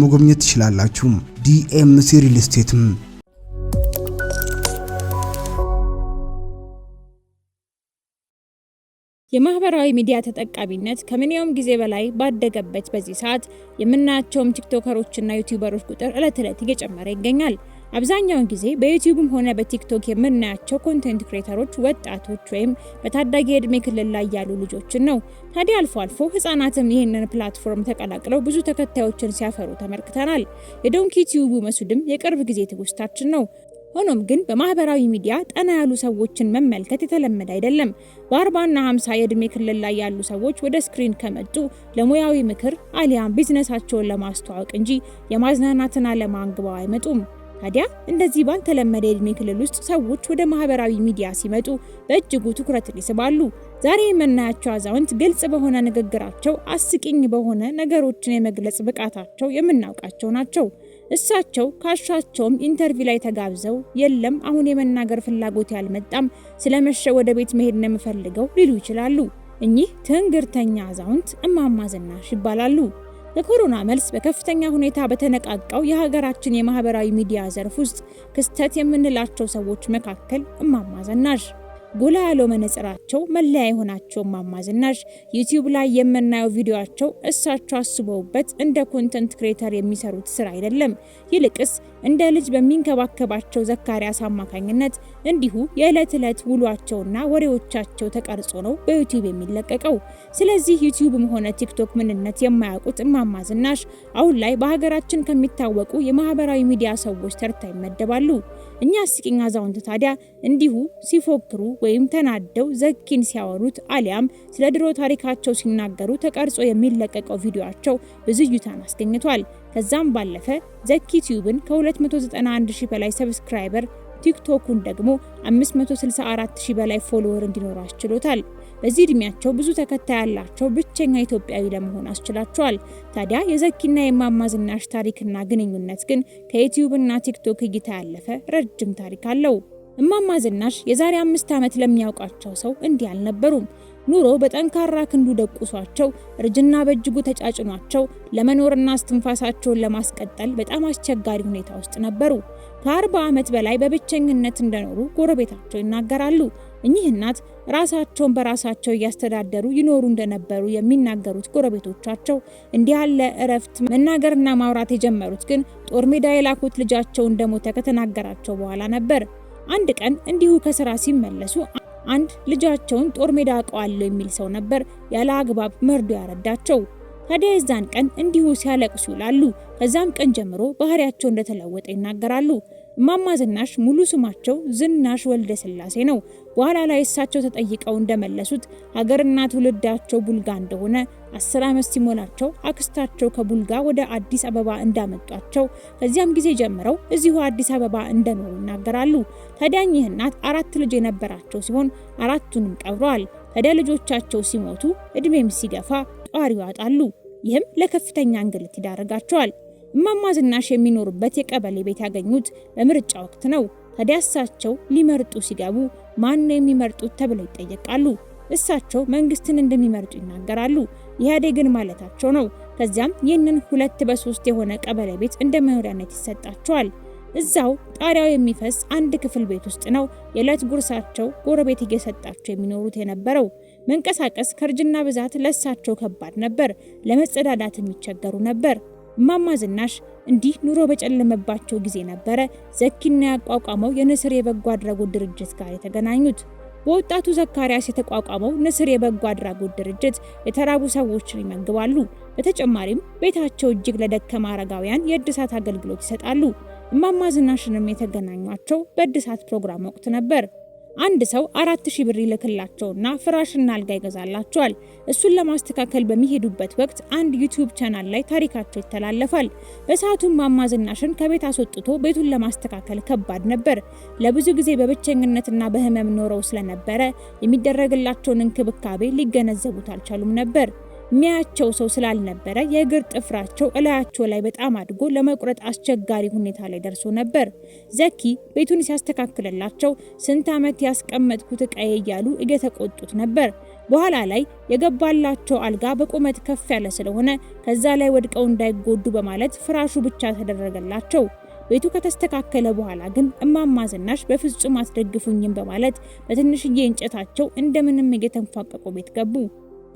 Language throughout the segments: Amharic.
በቀላል መጎብኘት ትችላላችሁ። ዲኤምሲ ሪል ስቴትም የማህበራዊ ሚዲያ ተጠቃሚነት ከምንየውም ጊዜ በላይ ባደገበት በዚህ ሰዓት የምናያቸውም ቲክቶከሮችና ዩቲዩበሮች ቁጥር ዕለት ዕለት እየጨመረ ይገኛል። አብዛኛውን ጊዜ በዩቲዩብም ሆነ በቲክቶክ የምናያቸው ኮንቴንት ክሬተሮች ወጣቶች ወይም በታዳጊ የእድሜ ክልል ላይ ያሉ ልጆችን ነው። ታዲያ አልፎ አልፎ ህጻናትም ይህንን ፕላትፎርም ተቀላቅለው ብዙ ተከታዮችን ሲያፈሩ ተመልክተናል። የዶንኪ ቲዩቡ መስድም የቅርብ ጊዜ ትውስታችን ነው። ሆኖም ግን በማህበራዊ ሚዲያ ጠና ያሉ ሰዎችን መመልከት የተለመደ አይደለም። በአርባና ሀምሳ የእድሜ ክልል ላይ ያሉ ሰዎች ወደ ስክሪን ከመጡ ለሙያዊ ምክር አሊያም ቢዝነሳቸውን ለማስተዋወቅ እንጂ የማዝናናትን ዓላማ አንግበው አይመጡም። ታዲያ እንደዚህ ባልተለመደ የዕድሜ ክልል ውስጥ ሰዎች ወደ ማህበራዊ ሚዲያ ሲመጡ በእጅጉ ትኩረትን ይስባሉ። ዛሬ የምናያቸው አዛውንት ግልጽ በሆነ ንግግራቸው፣ አስቂኝ በሆነ ነገሮችን የመግለጽ ብቃታቸው የምናውቃቸው ናቸው። እሳቸው ካሻቸውም ኢንተርቪው ላይ ተጋብዘው የለም አሁን የመናገር ፍላጎት ያልመጣም ስለመሸ ወደ ቤት መሄድ ነው የምፈልገው ሊሉ ይችላሉ። እኚህ ትንግርተኛ አዛውንት እማማ ዝናሽ ይባላሉ። የኮሮና መልስ በከፍተኛ ሁኔታ በተነቃቃው የሀገራችን የማህበራዊ ሚዲያ ዘርፍ ውስጥ ክስተት የምንላቸው ሰዎች መካከል እማማ ዝናሽ ጎላ ያለው መነጽራቸው መለያ የሆናቸው እማማ ዝናሽ ዩቲዩብ ላይ የምናየው ቪዲዮቸው እሳቸው አስበውበት እንደ ኮንተንት ክሬተር የሚሰሩት ስራ አይደለም። ይልቅስ እንደ ልጅ በሚንከባከባቸው ዘካሪያስ አማካኝነት እንዲሁ የዕለት ዕለት ውሏቸውና ወሬዎቻቸው ተቀርጾ ነው በዩቲዩብ የሚለቀቀው። ስለዚህ ዩቲዩብም ሆነ ቲክቶክ ምንነት የማያውቁት እማማ ዝናሽ አሁን ላይ በሀገራችን ከሚታወቁ የማህበራዊ ሚዲያ ሰዎች ተርታ ይመደባሉ። እኛ አስቂኝ አዛውንት ታዲያ እንዲሁ ሲፎክሩ ወይም ተናደው ዘኪን ሲያወሩት አሊያም ስለ ድሮ ታሪካቸው ሲናገሩ ተቀርጾ የሚለቀቀው ቪዲዮቸው ብዙ እይታን አስገኝቷል። ከዛም ባለፈ ዘኪ ቲዩብን ከ291 ሺህ በላይ ሰብስክራይበር ቲክቶኩን ደግሞ 564 ሺህ በላይ ፎሎወር እንዲኖረው አስችሎታል። በዚህ እድሜያቸው ብዙ ተከታይ ያላቸው ብቸኛ ኢትዮጵያዊ ለመሆን አስችላቸዋል። ታዲያ የዘኪና የእማማ ዝናሽ ታሪክና ግንኙነት ግን እና ቲክቶክ እይታ ያለፈ ረጅም ታሪክ አለው። እማማ ዝናሽ የዛሬ አምስት ዓመት ለሚያውቃቸው ሰው እንዲህ አልነበሩም። ኑሮ በጠንካራ ክንዱ ደቁሷቸው እርጅና በእጅጉ ተጫጭኗቸው ለመኖርና እስትንፋሳቸውን ለማስቀጠል በጣም አስቸጋሪ ሁኔታ ውስጥ ነበሩ። ከአርባ ዓመት በላይ በብቸኝነት እንደኖሩ ጎረቤታቸው ይናገራሉ። እኚህ እናት ራሳቸውን በራሳቸው እያስተዳደሩ ይኖሩ እንደነበሩ የሚናገሩት ጎረቤቶቻቸው እንዲህ ያለ እረፍት መናገርና ማውራት የጀመሩት ግን ጦር ሜዳ የላኩት ልጃቸው እንደሞተ ከተናገራቸው በኋላ ነበር። አንድ ቀን እንዲሁ ከስራ ሲመለሱ አንድ ልጃቸውን ጦር ሜዳ አውቀዋለሁ የሚል ሰው ነበር ያለ አግባብ መርዶ ያረዳቸው። ታዲያ የዛን ቀን እንዲሁ ሲያለቅሱ ይውላሉ። ከዛም ቀን ጀምሮ ባህሪያቸው እንደተለወጠ ይናገራሉ። እማማ ዝናሽ ሙሉ ስማቸው ዝናሽ ወልደ ስላሴ ነው። በኋላ ላይ እሳቸው ተጠይቀው እንደመለሱት ሀገርና ትውልዳቸው ቡልጋ እንደሆነ አስር ዓመት ሲሞላቸው አክስታቸው ከቡልጋ ወደ አዲስ አበባ እንዳመጧቸው ከዚያም ጊዜ ጀምረው እዚሁ አዲስ አበባ እንደኖሩ ይናገራሉ። ታዲያ እኚህ እናት አራት ልጅ የነበራቸው ሲሆን አራቱንም ቀብረዋል። ታዲያ ልጆቻቸው ሲሞቱ እድሜም ሲገፋ ጧሪው ያጣሉ። ይህም ለከፍተኛ እንግልት ይዳርጋቸዋል። እማማ ዝናሽ የሚኖሩበት የቀበሌ ቤት ያገኙት በምርጫ ወቅት ነው። ታዲያ እሳቸው ሊመርጡ ሲገቡ ማን ነው የሚመርጡት ተብለው ይጠየቃሉ። እሳቸው መንግስትን እንደሚመርጡ ይናገራሉ። ኢህአዴግን ማለታቸው ነው። ከዚያም ይህንን ሁለት በሶስት የሆነ ቀበሌ ቤት እንደ መኖሪያነት ይሰጣቸዋል። እዛው ጣሪያው የሚፈስ አንድ ክፍል ቤት ውስጥ ነው የዕለት ጉርሳቸው ጎረቤት እየሰጣቸው የሚኖሩት የነበረው። መንቀሳቀስ ከእርጅና ብዛት ለሳቸው ከባድ ነበር። ለመጸዳዳት የሚቸገሩ ነበር። እማማ ዝናሽ እንዲህ ኑሮ በጨለመባቸው ጊዜ ነበረ ዘኪና ያቋቋመው የንስር የበጎ አድራጎት ድርጅት ጋር የተገናኙት። በወጣቱ ዘካሪያስ የተቋቋመው ንስር የበጎ አድራጎት ድርጅት የተራቡ ሰዎችን ይመግባሉ። በተጨማሪም ቤታቸው እጅግ ለደከመ አረጋውያን የእድሳት አገልግሎት ይሰጣሉ። እማማ ዝናሽንም የተገናኟቸው በእድሳት ፕሮግራም ወቅት ነበር። አንድ ሰው አራት ሺህ ብር ይልክላቸውና ፍራሽና አልጋ ይገዛላቸዋል። እሱን ለማስተካከል በሚሄዱበት ወቅት አንድ ዩቲዩብ ቻናል ላይ ታሪካቸው ይተላለፋል። በሰዓቱም ማማ ዝናሽን ከቤት አስወጥቶ ቤቱን ለማስተካከል ከባድ ነበር። ለብዙ ጊዜ በብቸኝነትና በህመም ኖረው ስለነበረ የሚደረግላቸውን እንክብካቤ ሊገነዘቡት አልቻሉም ነበር። ሚያቸው ሰው ስላልነበረ የእግር ጥፍራቸው እላያቸው ላይ በጣም አድጎ ለመቁረጥ አስቸጋሪ ሁኔታ ላይ ደርሶ ነበር። ዘኪ ቤቱን ሲያስተካክልላቸው ስንት ዓመት ያስቀመጥኩት እቃዬ እያሉ እየተቆጡት ነበር። በኋላ ላይ የገባላቸው አልጋ በቁመት ከፍ ያለ ስለሆነ ከዛ ላይ ወድቀው እንዳይጎዱ በማለት ፍራሹ ብቻ ተደረገላቸው። ቤቱ ከተስተካከለ በኋላ ግን እማማ ዝናሽ በፍጹም አትደግፉኝም በማለት በትንሽዬ እንጨታቸው እንደምንም እየተንፏቀቁ ቤት ገቡ።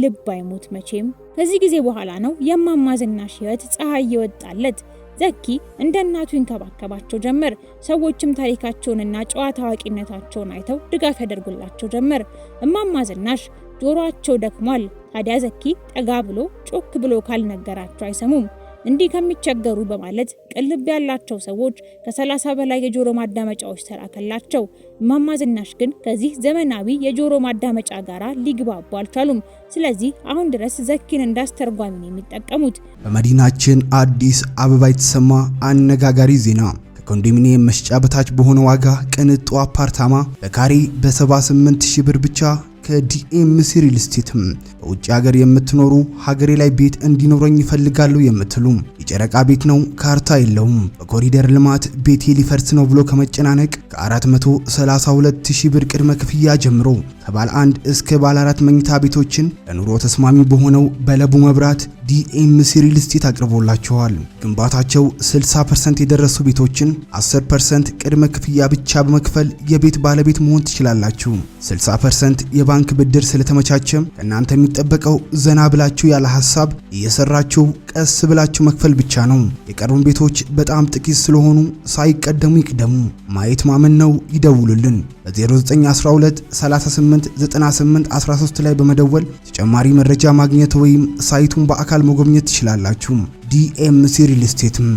ልብ አይሞት መቼም። ከዚህ ጊዜ በኋላ ነው የእማማ ዝናሽ ፀሐይ የወጣለት። ዘኪ እንደ እናቱ ይንከባከባቸው ጀመር። ሰዎችም ታሪካቸውንና ጨዋ ታዋቂነታቸውን አይተው ድጋፍ ያደርጉላቸው ጀመር። እማማ ዝናሽ ጆሮአቸው ደክሟል። ታዲያ ዘኪ ጠጋ ብሎ ጮክ ብሎ ካልነገራቸው አይሰሙም። እንዲህ ከሚቸገሩ በማለት ቅልብ ያላቸው ሰዎች ከ30 በላይ የጆሮ ማዳመጫዎች ተላከላቸው። እማማ ዝናሽ ግን ከዚህ ዘመናዊ የጆሮ ማዳመጫ ጋር ሊግባቡ አልቻሉም። ስለዚህ አሁን ድረስ ዘኪን እንዳስተርጓሚ ነው የሚጠቀሙት። በመዲናችን አዲስ አበባ የተሰማ አነጋጋሪ ዜና ከኮንዶሚኒየም መሸጫ በታች በሆነ ዋጋ ቅንጡ አፓርታማ በካሬ በ78 ሺህ ብር ብቻ ከዲኤምሲ ሪል ስቴትም በውጭ ሀገር የምትኖሩ ሀገሬ ላይ ቤት እንዲኖረኝ ይፈልጋሉ የምትሉ የጨረቃ ቤት ነው፣ ካርታ የለውም፣ በኮሪደር ልማት ቤቴ ሊፈርስ ነው ብሎ ከመጨናነቅ ከ432 ብር ቅድመ ክፍያ ጀምሮ ከባለ አንድ እስከ ባለ አራት መኝታ ቤቶችን ለኑሮ ተስማሚ በሆነው በለቡ መብራት ዲኤምሲ ሪል ስቴት አቅርቦላቸዋል። ግንባታቸው 60% የደረሱ ቤቶችን 10% ቅድመ ክፍያ ብቻ በመክፈል የቤት ባለቤት መሆን ትችላላችሁ። 60% የባንክ ብድር ስለተመቻቸም ከእናንተ የሚጠበቀው ዘና ብላችሁ ያለ ሀሳብ እየሰራችሁ ቀስ ብላችሁ መክፈል ብቻ ነው። የቀሩን ቤቶች በጣም ጥቂት ስለሆኑ ሳይቀደሙ ይቅደሙ። ማየት ማመን ነው። ይደውሉልን በ0912 38 9898 13 ላይ በመደወል ተጨማሪ መረጃ ማግኘት ወይም ሳይቱን በአካል መጎብኘት ትችላላችሁ። ዲኤምሲ ሪል ስቴትም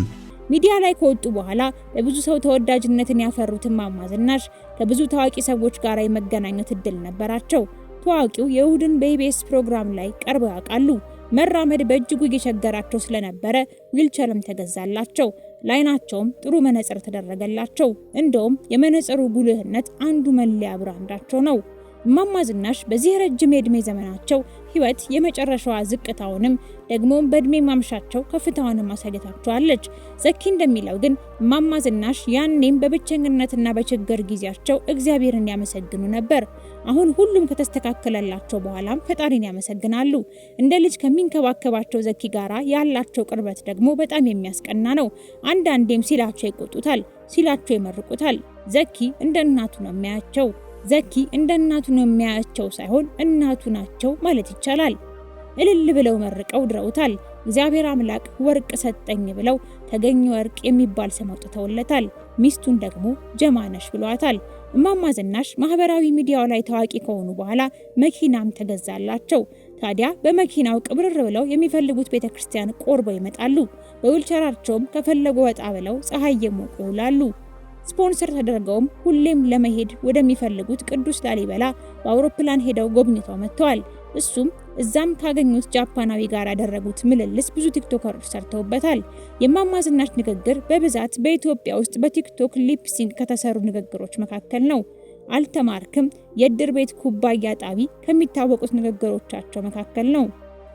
ሚዲያ ላይ ከወጡ በኋላ በብዙ ሰው ተወዳጅነትን ያፈሩትን እማማ ዝናሽ ከብዙ ታዋቂ ሰዎች ጋር የመገናኘት እድል ነበራቸው። ታዋቂው የእሁድን በኢቢኤስ ፕሮግራም ላይ ቀርበው ያውቃሉ። መራመድ በእጅጉ እየቸገራቸው ስለነበረ ዊልቸርም ተገዛላቸው። ላይናቸውም ጥሩ መነጽር ተደረገላቸው። እንደውም የመነጽሩ ጉልህነት አንዱ መለያ ብራንዳቸው ነው። እማማ ዝናሽ በዚህ ረጅም የእድሜ ዘመናቸው ህይወት የመጨረሻዋ ዝቅታውንም ደግሞም በእድሜ ማምሻቸው ከፍታውንም አሳይታቸዋለች። ዘኪ እንደሚለው ግን እማማ ዝናሽ ያኔም በብቸኝነትና በችግር ጊዜያቸው እግዚአብሔርን ያመሰግኑ ነበር። አሁን ሁሉም ከተስተካከለላቸው በኋላም ፈጣሪን ያመሰግናሉ። እንደ ልጅ ከሚንከባከባቸው ዘኪ ጋራ ያላቸው ቅርበት ደግሞ በጣም የሚያስቀና ነው። አንዳንዴም ሲላቸው ይቆጡታል፣ ሲላቸው ይመርቁታል። ዘኪ እንደ እናቱ ነው የሚያያቸው። ዘኪ እንደ እናቱ ነው የሚያያቸው ሳይሆን እናቱ ናቸው ማለት ይቻላል። እልል ብለው መርቀው ድረውታል። እግዚአብሔር አምላክ ወርቅ ሰጠኝ ብለው ተገኘ ወርቅ የሚባል ስም አውጥተውለታል። ሚስቱን ደግሞ ጀማነሽ ብሏታል። እማማ ዝናሽ ማህበራዊ ሚዲያው ላይ ታዋቂ ከሆኑ በኋላ መኪናም ተገዛላቸው። ታዲያ በመኪናው ቅብርር ብለው የሚፈልጉት ቤተ ክርስቲያን ቆርበው ይመጣሉ። በዊልቸራቸውም ከፈለጉ ወጣ ብለው ፀሐይ የሞቁ ይውላሉ። ስፖንሰር ተደርገውም ሁሌም ለመሄድ ወደሚፈልጉት ቅዱስ ላሊበላ በአውሮፕላን ሄደው ጎብኝተው መጥተዋል። እሱም እዛም ካገኙት ጃፓናዊ ጋር ያደረጉት ምልልስ ብዙ ቲክቶከሮች ሰርተውበታል። የማማ ዝናሽ ንግግር በብዛት በኢትዮጵያ ውስጥ በቲክቶክ ሊፕሲንግ ከተሰሩ ንግግሮች መካከል ነው። አልተማርክም የእድር ቤት ኩባያ ጣቢ ከሚታወቁት ንግግሮቻቸው መካከል ነው።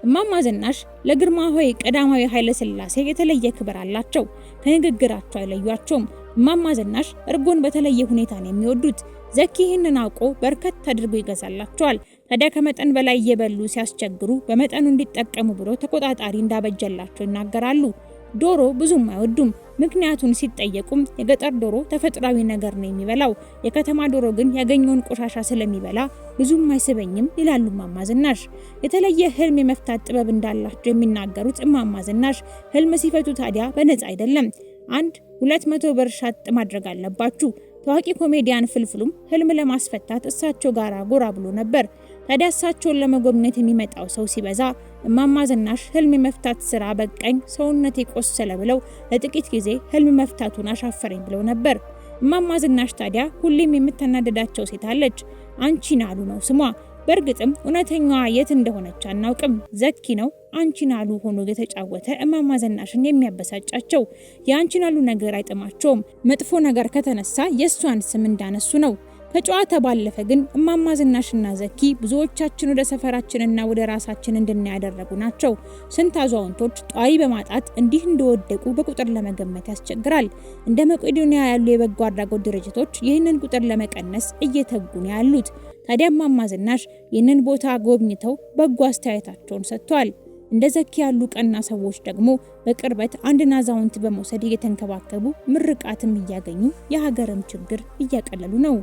እማማ ዝናሽ ለግርማዊ ቀዳማዊ ኃይለ ሥላሴ የተለየ ክብር አላቸው። ከንግግራቸው አይለያቸውም። እማማ ዝናሽ እርጎን በተለየ ሁኔታ ነው የሚወዱት። ዘኪ ይህንን አውቆ በርከት አድርጎ ይገዛላቸዋል። ታዲያ ከመጠን በላይ እየበሉ ሲያስቸግሩ በመጠኑ እንዲጠቀሙ ብሎ ተቆጣጣሪ እንዳበጀላቸው ይናገራሉ። ዶሮ ብዙም አይወዱም። ምክንያቱን ሲጠየቁም የገጠር ዶሮ ተፈጥሯዊ ነገር ነው የሚበላው፣ የከተማ ዶሮ ግን ያገኘውን ቆሻሻ ስለሚበላ ብዙም አይስበኝም ይላሉ እማማ ዝናሽ። የተለየ ህልም የመፍታት ጥበብ እንዳላቸው የሚናገሩት እማማ ዝናሽ ህልም ሲፈቱ ታዲያ በነፃ አይደለም አንድ 200 ብር ሻጥ ማድረግ አለባችሁ። ታዋቂ ኮሜዲያን ፍልፍሉም ህልም ለማስፈታት እሳቸው ጋር ጎራ ብሎ ነበር። ታዲያ እሳቸውን ለመጎብኘት የሚመጣው ሰው ሲበዛ እማማ ዝናሽ ህልም የመፍታት ስራ በቀኝ ሰውነት የቆሰለ ብለው ለጥቂት ጊዜ ህልም መፍታቱን አሻፈረኝ ብለው ነበር። እማማ ዝናሽ ታዲያ ሁሌም የምታናደዳቸው ሴት አለች። አንቺን አሉ ነው ስሟ። በእርግጥም እውነተኛዋ የት እንደሆነች አናውቅም። ዘኪ ነው አንቺናሉ ሆኖ የተጫወተ እማማ ዝናሽን የሚያበሳጫቸው። የአንቺናሉ ነገር አይጥማቸውም። መጥፎ ነገር ከተነሳ የእሷን ስም እንዳነሱ ነው። ከጨዋታ ባለፈ ግን እማማ ዝናሽና ዘኪ ብዙዎቻችን ወደ ሰፈራችንና ወደ ራሳችን እንድናያደረጉ ያደረጉ ናቸው። ስንት አዛውንቶች ጧሪ በማጣት እንዲህ እንደወደቁ በቁጥር ለመገመት ያስቸግራል። እንደ መቄዶንያ ያሉ የበጎ አድራጎት ድርጅቶች ይህንን ቁጥር ለመቀነስ እየተጉ ነው ያሉት። ታዲያ እማማ ዝናሽ ይህንን ቦታ ጎብኝተው በጎ አስተያየታቸውን ሰጥቷል። እንደ ዘኪ ያሉ ቀና ሰዎች ደግሞ በቅርበት አንድን አዛውንት በመውሰድ እየተንከባከቡ ምርቃትም እያገኙ የሀገርም ችግር እያቀለሉ ነው።